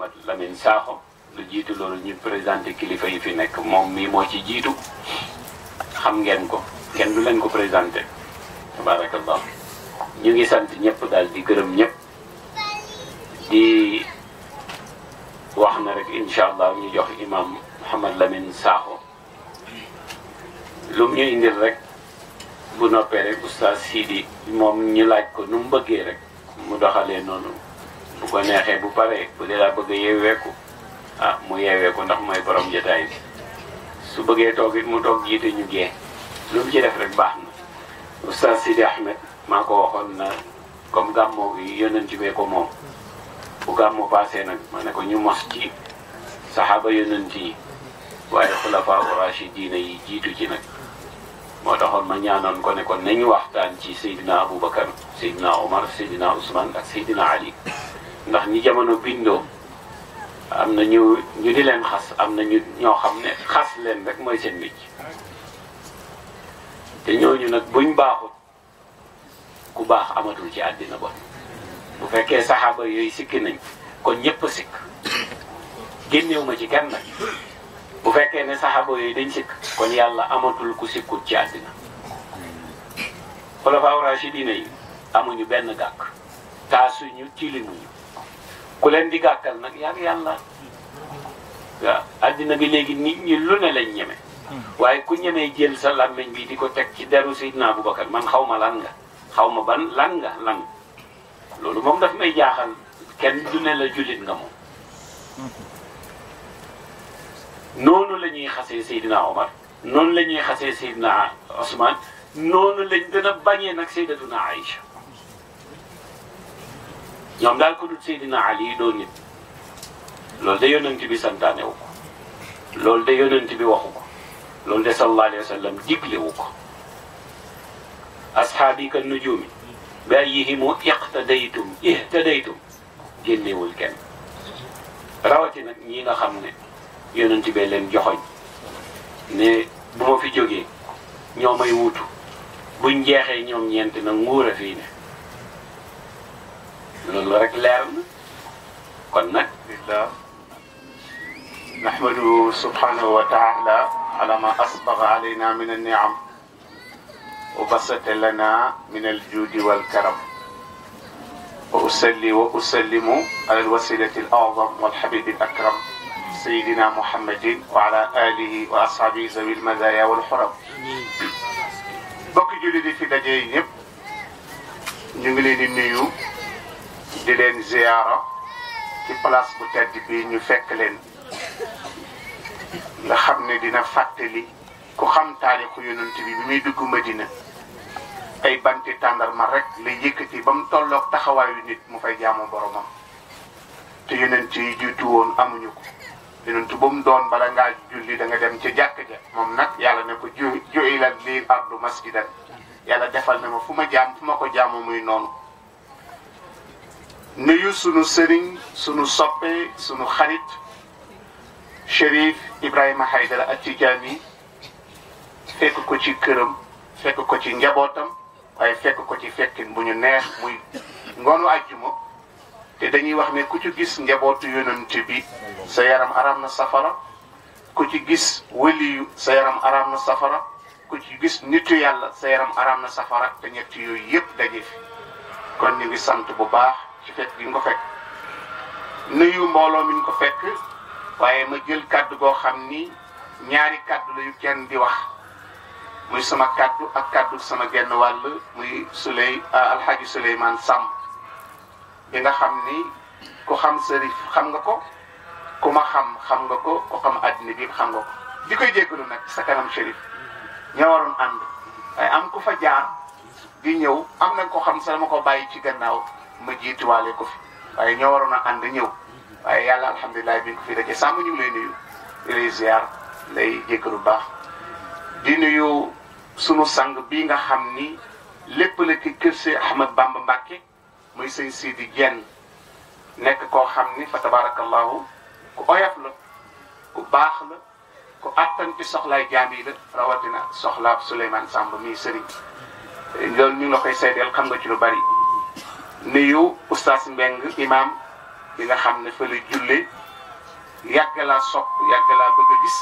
Mouhamad Lamine Sakho lu jiitu loolu ñu présenté kilifa yi fi nekk moom mii moo ci jiitu xam ngeen ko kenn du leen ko présenté tabaarakallah ñu ngi sant ñëpp daal di gërëm ñëpp di wax na rek incha allah ñu jox imam Mouhamad Lamine Sakho lu mu ñu indil rek bu noppee rek oustaz moom ñu laaj ko nu mu bëggee rek mu doxalee noonu bu ko neexee bu paree bu dee bëgg a yeeweeku ah mu yeeweeku ndax mooy borom jotaay su bëggee toog it mu toog jiite ñu gee lu mu rek baax na oustaz Sidi Ahmed maa ko waxoon na comme gàmmoo bi yonent bee ko moom bu gàmmu passé nag ma nekkoo ñu mas ci saxaaba yonent yi waaye xulafaa rashidina yi jiitu ci nag moo taxoon ma ñaanoon ko nekkoon ko nañu waxtaan ci Seydina Aboubacar Seydina Omar Seydina Ousmane ak Seydina Ali ndax ñi jamono bindoo am na ñu ñu di leen xas am na ñu ñoo xam ne xas leen rek mooy seen mécc te ñooñu nag buñ baaxut ku baax amatul ci àddina ba bu fekkee saxaaba yooyu sikki nañ kon ñëpp sikk génnew ci kenn nag bu fekkee ne saxaaba yooyu dañ sikk kon yàlla amatul ku sikkut ci àddina xulafaa rashidina yi amuñu benn gàkk taasuñu tilimuñu ku leen di gàkkal nag yaa yàlla waaw àddina bi léegi nit ñi lu ne lañ ñeme waaye ku ñemee jël sa làmmiñ bi di ko teg ci deru Seydina Abubakar man xaw ma lan nga xaw ma ban lan nga lan loolu moom daf may jaaxal kenn du ne la jullit nga moom noonu la ñuy xasee Seydina Omar noonu la ñuy xasee Seydina Ousmane noonu lañ gën a bañee nag Seydatuna Aïcha ñoom daal ko dul Seydina Ali yi doo nit loolu de yonent bi santaane loolu de yonent bi waxu loolu de sallallahu alayhi wa sallam digle wu ko ashaabi ka nujumi bi ayyihimu iqtadaytum ihtadaytum génnewul kenn rawati nag ñi nga xam ne yonent bee leen joxoñ ne bu ma fi jógee ñoo may wutu buñ jeexee ñoom ñeenti nag nguur a fii ne loolu rek leer na kon nag billah nahmaduhu subhanahu wa taala ala ma asbagha alayna min an-ni'am wa basata lana min al-judi wal-karam wa usalli wa usallimu ala al-wasilati al-a'zam wal-habibi al-akram sayyidina muhammadin wa ala alihi wa ashabihi zawi al-madaya wal-huram bokk julli di fi daje ñëpp ñu ngi leen di nuyu di leen ziyaara ci place bu tedd bi ñu fekk leen nga xam ne dina fàttali ku xam taarixu yonent bi bi muy dugg Madina ay banti ma rek la yëkkati ba mu tolloog taxawaayu nit mu fay jaamu boromam te yonent yi jiitu woon amuñu ko yonent ba mu doon bala ngaa julli da nga dem ci jàkk ja moom nag yàlla ne ko ju juilal lii ardu masjidan yàlla defal ne ma fu ma jaam fu ma ko jaamu muy noonu nuyu sunu sëriñ sunu soppe sunu xarit Chérif Ibrahima Haydara At-Tijaani fekk ko ci këram fekk ko ci njabootam waaye fekk ko ci fekkin bu ñu neex muy ngoonu àjjuma te dañuy wax ne ku ci gis njabootu yonent bi sa yaram aram na safara ku ci gis wëliyu sa aram na safara ku ci gis nitu yàlla sa yaram aram na safara te ñett yooyu yëpp daje fi kon ñu sant bu baax ci fekk fekk nuyu mbooloo mi ko fekk waaye ma jël kàddu goo xam ni ñaari kàddu la yu kenn di wax muy sama kàddu ak kàddu sama genn wàll muy Souley ah, alxaaji Souleymane sàmm bi nga xam ni ku xam sërif xam nga ko ku ma xam xam nga ko ku xam addina bi xam nga ko di koy jéggalu nag sa kanam shérif ñoo waroon ànd waaye am ku fa jaar di ñëw am na ko xam sa ma ko bàyyi ci gannaaw ma jiituwaale ko fi waaye ñoo waroon a ànd ñëw waaye yàlla alhamdulilah bi ñu ko fi daje sàmm ñu ngi lay nuyu di lay ziar baax di nuyu sunu sang bii nga xam ni lépp la ci kër si Ahmad Bamba Mbàkke muy sëñ Sidi Dieng nekk koo xam ni fa tabarakallahu ku oyof la ku baax la ku àttan ci soxlaay jaam yi la rawatina soxlaa Souleymane Samb mii sëriñ loolu ñu ngi la koy seedeel xam nga ci lu bari nuyu oustaz Mbeng imam bi xam ne fa la julle yàgg laa sopp yàgg bëgg a gis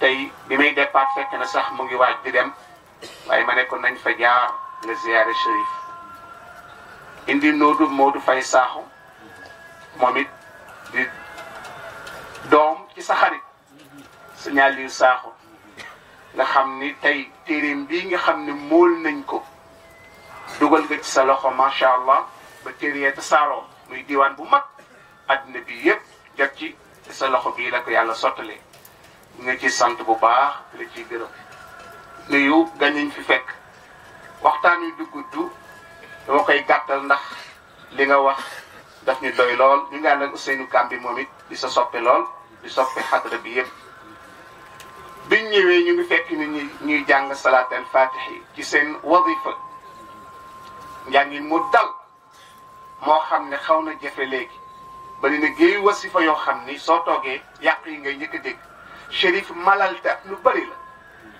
tey bi may départ fekk na sax mu ngi waaj di dem waaye ma ne nañ fa jaar nga ziyaare Chérif indi noodu Modou Fay Saaxo moom di doom ci sa xarit signal nga xam ni tey téeréem bii nga xam ne mool nañ ko dugal nga ci sa loxo macha allah ba téere yee tasaaroo muy diwaan bu mag àddina bi yëpp jot ci sa loxo bii la yàlla yàlla sottalee nga ci sant bu baax la ciy gërëm nuyu gàññiñ fi fekk waxtaan wi du gudd dama koy gàttal ndax li nga wax daf ñu doy lool ñu ngi àndal Ousseynou Kambi moom it di sa soppe lool di soppe xadra bi yëpp biñ ñëwee ñu ngi fekk ni ñuy jàng salaatal fatih ci seen wadifa njàngin mu dal moo xam ne xaw na jafe léegi bari na wasifa yoo xam ni soo toogee yàq yi ngay njëkk a dégg shérif malalta lu bari la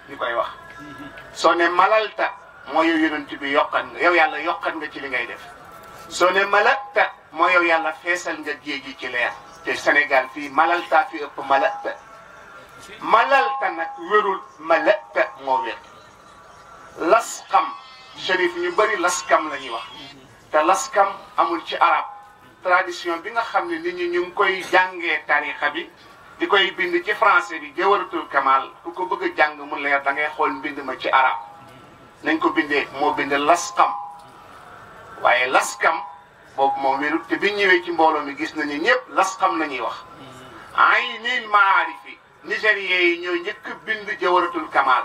ñu koy wax soo ne malalta moo yow yonent yow yàlla yokkan nga ci li ngay def soo ne malalta yàlla feesal nga géej gi ci leer te Sénégal fii malalta fi ëpp malalta malalta nag wérul malalta moo wér las xam shérif ñu bari laskam la ñuy wax te laskam amul ci arab tradition bi nga xam ne nit ñi ñu ngi koy jàngee tarixa bi di koy bind ci français bi jawaratul kamal ku ko bëgg a jàng mu leer dangay xool mbind ma ci arab nañ ko bindee moo bind laskam waaye laskam boobu moom wérut te bi ñëwee ci mbooloo mi gis nañu ñëpp laskam la ñuy wax aynil maarifi nigériens yi ñoo njëkk bind jawaratul kamal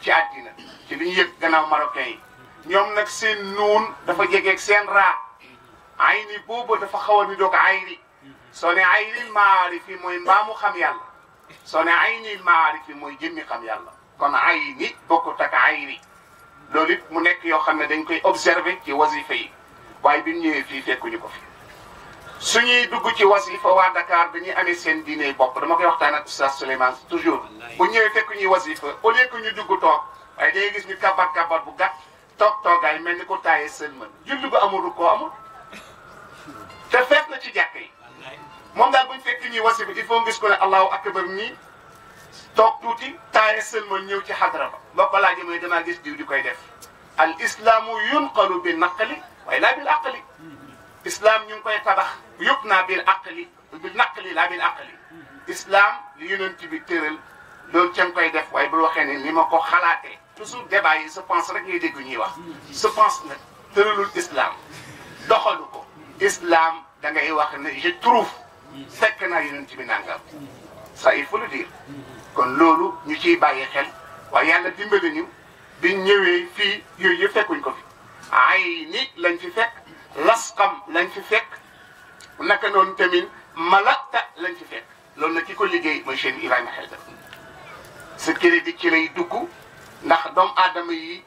ci àddina ci li ñu yëg gannaaw marocain yi ñoom nag seen nuun dafa jegeeg seen raa ay boobu dafa xawa a ni doog ay ni soo ne ay ni maarifi mooy mbaamu xam yàlla soo ne ay ni maarifi mooy jëmmi xam yàlla kon ay ni bokkut ak ay loolu it mu nekk yoo xam ne dañ koy observé ci wasifa yi waaye bi mu ñëwee fii fekkuñu ko fi suñuy dugg ci wasifa waa Dakar dañuy amee seen diine bopp dama koy waxtaan ak sa Souleymane toujours bu ñëwee fekk ñuy wasifa au lieu ñu dugg toog waaye dañuy gis ñu kabar kabar bu gàtt toog toogaay mel ni ko taayee seen mën julli ko amul koo amul te na ci jàkk yi moom bu fekk ñuy wasi bi il faut ngis ko ne allahu akbar nii toog tuuti taayee seen mën ñëw ci xadra ba boo mooy damaa gis diw di koy def al islaamu yunqalu bi naqli waaye laa bil aqli islam koy tabax yëpp naa bil aqli bi naqli laa bil aqli islam li bi tëral loolu ca koy def waaye bu waxee ne ni ma ko xalaatee toujours débat yi je pense rek ngay dégg ñuy wax je pense na tëralul islam doxalu ko islam da ngay wax ne je trouve fekk naa yonent bi nangam ça il faut le dire kon loolu ñu ciy bàyyi xel waaye yàlla dimbali ñu biñ ñëwee fii yooyu yëpp fekkuñ ko fi ay ni lañ fi fekk kam lañ fi fekk naka noonu tamit malata lañ fi fekk loolu nag ki ko liggéey mooy Cheikh Ibrahima Aïdara sa crédit ci lay dugg ndax doom aadama yi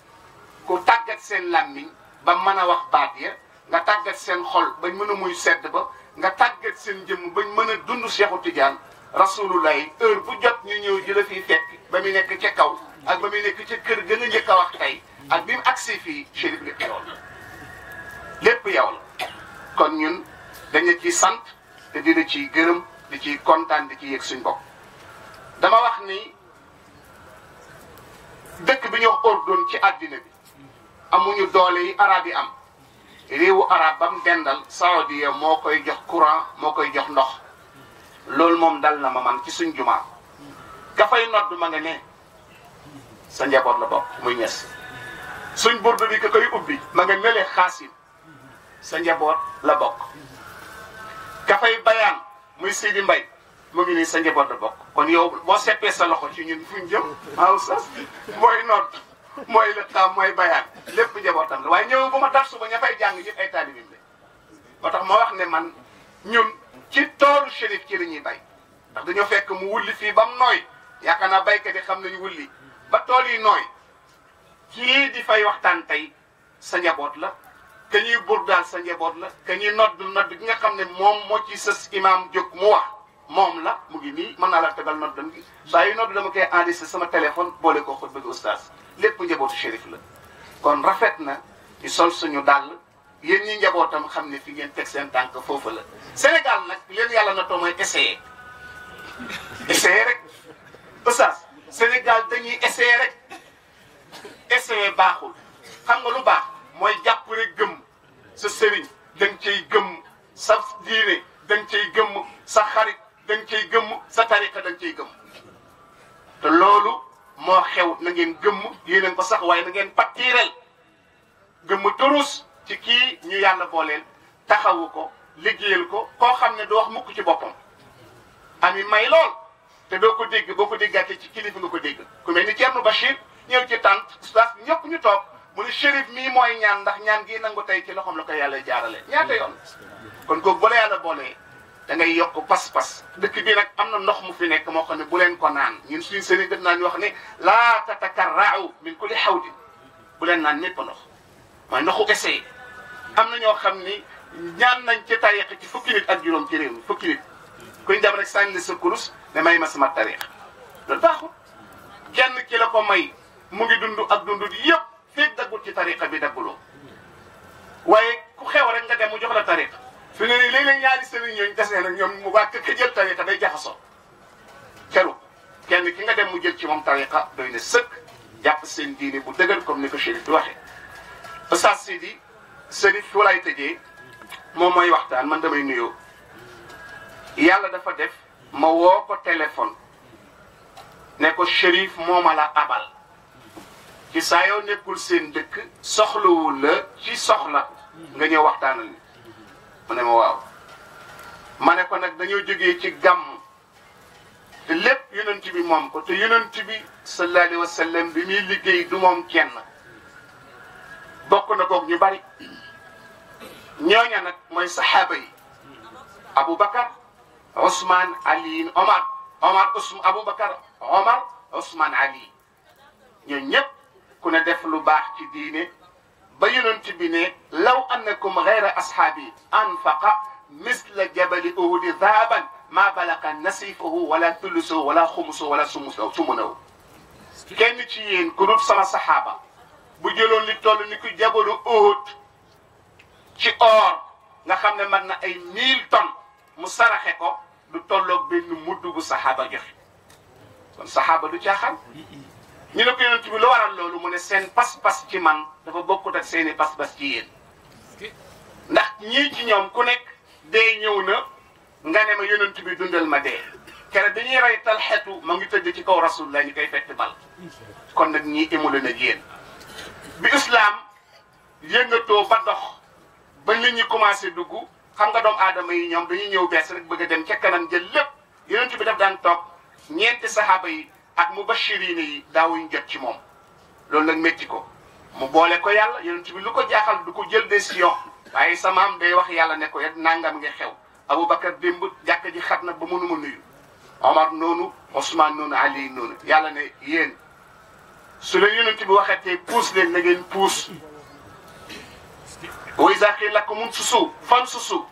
ku tàggat seen làmmiñ ba mën a wax baat ya nga tàggat seen xol bañ mën a muy sedd ba nga tàggat seen jëmm bañ mën a dund Seexu Tijaan rasulullah heure bu jot ñu ñëw ji la fiy fekk ba mu nekk ca kaw ak ba mu nekk ca kër gën a njëkk a wax tey ak bi mu agsi fii chérif lépp yow la lépp yow la kon ñun dañu ci sant te dina ciy gërëm di ciy kontaan di ci yëg suñ bopp dama wax ni dëkk bi ñuy wax ordone ci àddina bi amuñu doole yi arab yi am réewu arab ba mu dendal saoudia moo koy jox courant moo koy jox ndox loolu moom dal na ma man ci suñ jumaa ka fay nodd ma nga ne sa njaboot la bokk muy ñes suñ burdu bi ka koy ubbi ma nga nelee xaasin sa njaboot la bokk ka fay bayaan muy Sidi Mbay mu ngi nii sa njaboot la bokk kon yow boo seppee sa loxo ci ñun fuñ jëm waaw sas mooy noot mooy lëttaam mooy bayaan lépp njabootam la waaye ñëw bu ma dar suba ña fay jàng ñëpp ay taalibim la ba tax moo wax ne man ñun ci toolu shérif ci la ñuy bay ndax dañoo fekk mu wulli fii ba mu nooy yaakaar naa baykat yi xam nañu wulli ba tool yi nooy kii di fay waxtaan tey sa njaboot la ka ñuy burdaal sa njaboot la ka ñuy nodd nodd gi nga xam ne moom moo ci sës imaam jóg mu wax moom la mu ngi nii mën naa la tegal note dam gi saa yu note dama koy enregistré sama téléphone boole ko xutba bi oustaz lépp njabootu shérif la kon rafet na ñu sol suñu dàll yéen ñi njabootam xam ne fi ngeen teg seen tànk foofu la Sénégal nag leen yàlla na too mooy essayer essayer rek oustaz Sénégal dañuy essayer rek essayer baaxul waaye na ngeen pattiiral gëm a durus ci kii ñu yàlla booleel taxawu ko liggéeyal ko koo xam ne du wax mukk ci boppam ami may lool te doo ko dégg boo ko déggaatee ci kilifa nga ko dégg ku mel ni Thierno Bachir ñëw ci tànt ustaas ñëpp ñu toog mu ne shérif mii mooy ñaan ndax ñaan gi nangu tey ci loxoom la ko yàlla jaarale ñaata yoon kon kooku bu yàlla boolee da ngay yokk pas-pas dëkk bi nag am na ndox mu fi nekk moo xam ne bu leen ko naan ñun suñu sëriñ def naa ñu wax ne laa tatakarrau min kulli hawdin bu leen naan ñëpp ndox mooy ndoxu essayé am na ñoo xam ni ñaan nañ ci tariq ci fukki nit ak juróom ci réew mi fukki nit kuñ dem rek sànni sa kurus ne may ma sama tariq loolu baaxul kenn ko may mu ngi dund ak dund yëpp feeg daggul ci tariqa bi dagguloo waaye ku xew rek nga dem mu jox la tariqa fi ne nii léeg-léeg ñaari sëriñ yooyu des na nag ñoom mu waa ka jël tariqa day jaxasoo keru kenn ki nga dem mu jël ci moom tariqa doy na sëkk jàpp seen diini bu dëgër comme ni ko chérif bi waxee Oustaz Sidi sëriñ fi walaay moom mooy waxtaan man damay nuyoo yàlla dafa def ma woo ko téléphone ne ko chérif mooma la abal ci saa nekkul seen dëkk soxlawul la ci soxla nga ñëw waxtaanal ni mu ne ma ko nag dañoo jóge ci gàmm te lépp yonent moom ko te yonent bi sallallahu alayhi wa sallam bi muy liggéey du moom kenn bokk na koog ñi bari ñooña nag mooy saxaaba yi Aboubacar Ousmane Ali Omar Omar Ali ñooñu ñëpp ku ne def lu baax ci diine. ba yonent bi ne law annakum gayra ashaabi anfaqa misla jabali uhudi zaaban maa balaqa nasifahu wala tullusahu wala xumusahu wala sumusahu sumunahu kenn ci yéen ku dul sama saxaaba bu jëloon li toll ni ku jabalu uhud ci or nga xam ne man na ay mille tonnes mu saraxe ko du tolloog benn mudd saxaaba joxe kon saxaaba ñu ne ko yonent la war waral loolu mu ne seen pas-pas ci man dafa bokkut ak seeni pas-pas ci yéen ndax ñii ci ñoom ku nekk dee ñëw na nga ne yeneen yonent bi dundal ma dee kere dañuy rey tal talxetu ma ngi tëdd ci kaw rasulullah ñu koy fett bal kon nag ñii émule na yéen bi islaam yëngatoo ba dox ba nit ñi commencé dugg xam nga doom aadama yi ñoom dañuy ñëw bees rek bëgg a dem ca kanam jël lépp yonent bi daf daan toog ñeenti saxaaba yi ak mubashirina yi daawuñ jot ci moom loolu nag métti ko mu boole ko yàlla yonent bi lu ko jaaxal du ko jël décision waaye samaam day wax yàlla ne ko yet nangam nga xew Aboubacar démb jàkk ji xat na ba mënuma nuyu Omar noonu Ousmane noonu Ali noonu yàlla ne yéen su la yonent bi waxatee puus leen na ngeen puus wa izaa qiila lakum unfusu fanfusu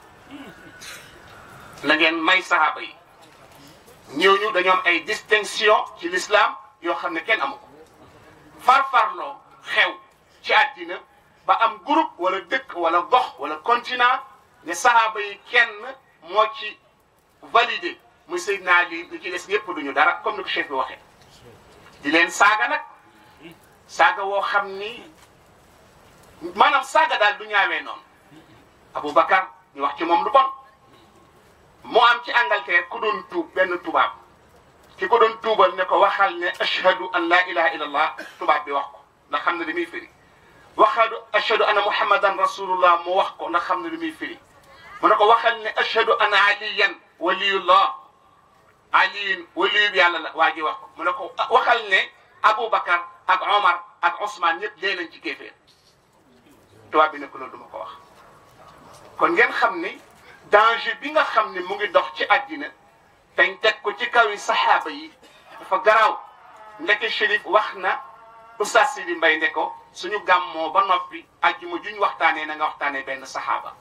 na ngeen may sahaaba yi ñooñu dañoo am ay distinction ci l'islam yoo xam ne kenn amu ko farfarloo xew ci àddina ba am groupe wala dëkk wala gox wala continent ne sahaaba yi kenn moo ci validé muy Seydina Ali li ci des ñëpp duñu dara comme ni ko chef bi waxee di leen saaga nag saaga woo xam ni maanaam saaga daal du ñaawee noonu Aboubacar ñu wax ci moom lu bon mu am ci Angleterre ku doon tuub benn tubaab ki ko doon tuubal ne ko waxal ne ashhadu an laa ilaha illallah tubaab bi wax ko ndax xam ne li muy firi waxadu ashhadu anna muhammadan rasulullah mu wax ko ndax xam ne li muy firi mu ne ko waxal ne ashhadu anna aliyan waliyullah aliyin waliyub yàlla la waa ji wax ko mu ne ko waxal ne aboubacar ak omar ak ousmane ñëpp dee nañ ci kéeféer tubaab bi ne ko loolu du ma ko wax kon ngeen xam ni danger bi nga xam ne mu ngi dox ci àddina dañ teg ko ci kaw yi saxaaba yi dafa garaaw ndeke Chérif wax na Oustaz Sidi Mbaye ne ko suñu gàmmoo ba noppi àjjuma juñ waxtaanee na nga waxtaanee benn saxaaba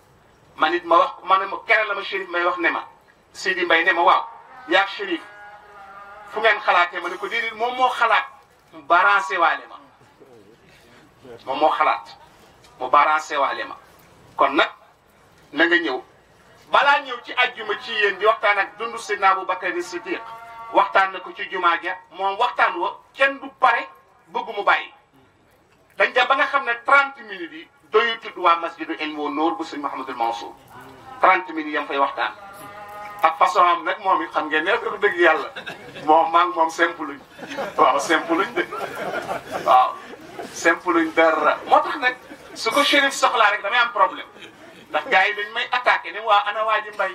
man it ma wax ma ne ma keneen la ma Chérif may wax ne ma Sidi mbay ne ma waaw yaa Chérif fu ngeen xalaatee ma ne ko déedéet moom moo xalaat mu balancé waale ma moo xalaat mu balancé waale ma kon nag na nga ñëw. balaa ñëw ci ajjuma ci yéen di waxtaan ak dundu Seydina Abu Bakar ni Siddiq waxtaan na ko ci jumaa moom waxtaan wa kenn du pare bëgg mu bàyyi dañ ja ba nga xam ne trent minutes yi doyu waa masjidu ilmi wa noor bu sëñ Mouhamadul Mansour 30 minutes yam fay waxtaan ak façon am moom i xam ngeen ne ko dëgg yàlla moom maa moom simple luñ waaw simple luñ dëgg waaw simple moo tax nag su ko shérif soxlaa rek waa ana waa ji mbay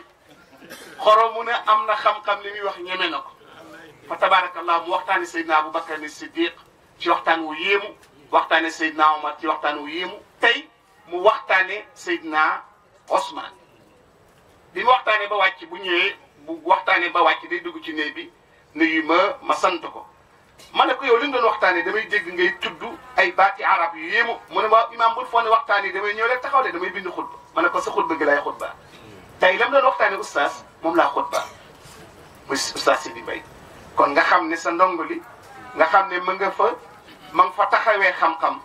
xorom mu ne am na xam-xam li muy wax ñeme na ko fa tabaarakallah mu waxtaane Seydina Aboubacar ni Siddiq ci waxtaan wu yéemu waxtaane Seydina Omar ci waxtaan wu yéemu tey mu waxtaane Seydina Ousmane di mu waxtaane ba wàcc bu ñëwee bu waxtaane ba wàcc day dugg ci néeg bi nuyu ma ma sant ko ma ne ko yow li nga doon waxtaanee damay dégg ngay tudd ay baati arab yu yéemu mu ne ma imaam bul foo ne waxtaan yi damay ñëw rek taxaw de damay bind xutba ma ne ko sa xutba gi lay xutba tey lam doon waxtaane oustaz moom laa xutba muy oustaz Sidi Mbaye kon nga xam ne sa ndongo li nga xam ne mën nga fa ma nga fa taxawee xam-xam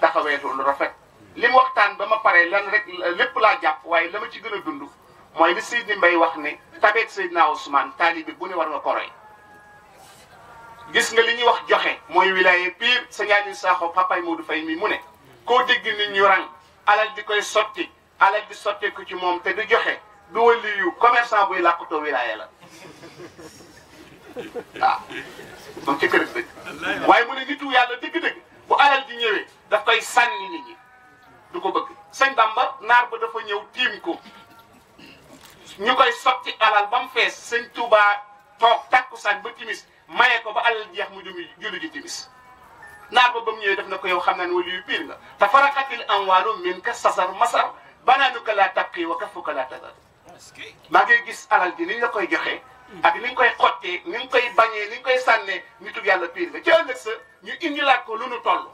taxawee lu rafet li mu waxtaan ba ma paree lan rek lépp laa jàpp waaye la ma ci gën a dund mooy li Sidi Mbaye wax ne tabeet Seydina Ousmane taalibe bu ne war nga ko roy gis nga li ñuy wax joxe mooy wilaaye piir sa ñaani saaxo papay Modou Faye mi mu ne koo dégg nit ñu rang alal di koy sotti alal di sottee ko ci moom te du joxe du waliyu commerçant buy làkkutoo wilaya laa ah, waaw moom ci waaye mu ne nitu yàlla dëgg-dëgg bu alal ji ñëwee daf koy sànni nit ñi du ko bëgg sëñ Bamba naar ba dafa ñëw tiim ko ñu koy sotti alal bam fees sëñ Tuubaa toog takkusaan ba timis maye ko ba alal jeex mu jumi julli ji timis naar ba ba mu ñëwee def na ko yow xam naa ne waliyu piir nga tafaraqatil amwaalu minka sasar masar banaanuka laa tabqi wa kafuka laa tazar maa ngay gis alal ji ni ñu la koy joxee ak ni ñu koy xottee ni ñu koy bañee ni ñu koy sànnee nitu yàlla piir la ci ëllëg sa ñu indilaat ko lu nu toll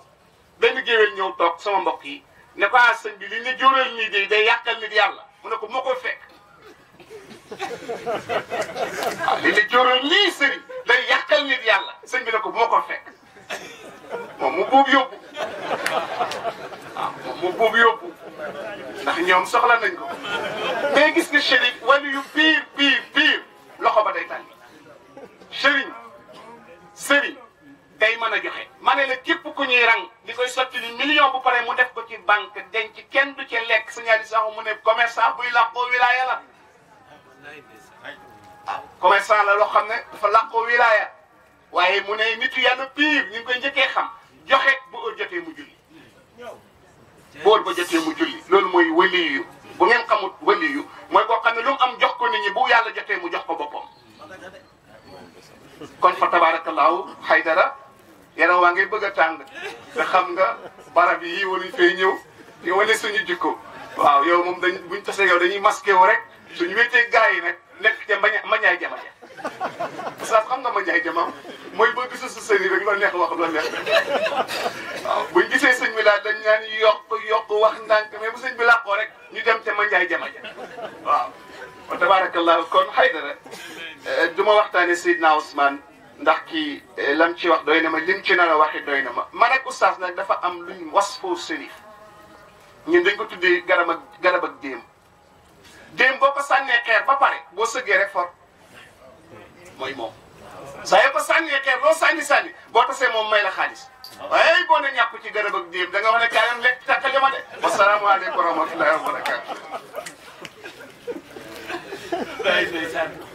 benn géwél ñëw toog sama mbokk yi ne ko ah sëñ bi li ñu jóoral nii de day yàqal nit mu ne ko moo ko fekk waaw ah, li ko moo ko mu buub yóbbu waaw ah, mu buub yóbbu ndax ñoom soxla nañ ko ngay gis ne chérif wala yu biir biir biir loxo ba day tànn chérif sëriñ day mën a joxe. ma ne la képp ku ñuy rang ni koy sotti ni million bu pare mu def ko ci banque denc kenn du ci lekk sa ñaari sax mu ne commerçant buy làqoo wilaaya la ah la loo xam ne dafa làqoo wilaaya waaye mu ne nitu yàlla piir ñu koy njëkkee xam joxe bu ëllëg jotee mu julli. bool ba jotee mu julli loolu mooy waliyu bu ngeen xamut waliyu mooy koo xam ne lu am jox ko nit ñi bu yàlla jotee mu jox ko boppam. kon fa xay Haydara yaram waa ngi bëgg a tàng te xam nga barab yi waluñ fay ñëw di wane suñu jikko waaw yow moom dañ buñ tasee yow dañuy masqué wu rek suñu wéetee gaa yi nag lekk ca mbaña mbañaay jama ja saa xam nga ma jaay jamaam mooy boo gisul sa sëriñ rek loo neex wax loo neex waaw buñ gisee sëñ bi daal dañ naan yokk yokk wax ndànk mais bu sëñ bi ko rek ñu dem te ma njaay jama waaw wa tabarakallahu kon Haydara eh, du ma waxtaane Seydina Ousmane ndax kii eh, lam ci wax doy na ma lim ci nar a waxi na ma man ak oustaz nag dafa am luñ wasfoo sërif ñun dañ ko tuddee garab ak garab ak déem déem ko sànnee xeer ba pare boo sëggee rek mooy moom saa yëpp sànni xeer loo sànni sànni boo tasee moom may la xaalis waaye boo ne ñàkk ci gërëm ak diim da nga wax ne kaayam lekk takkale ma de wasalaamaaleykum wa rahmatullahi wa barakatu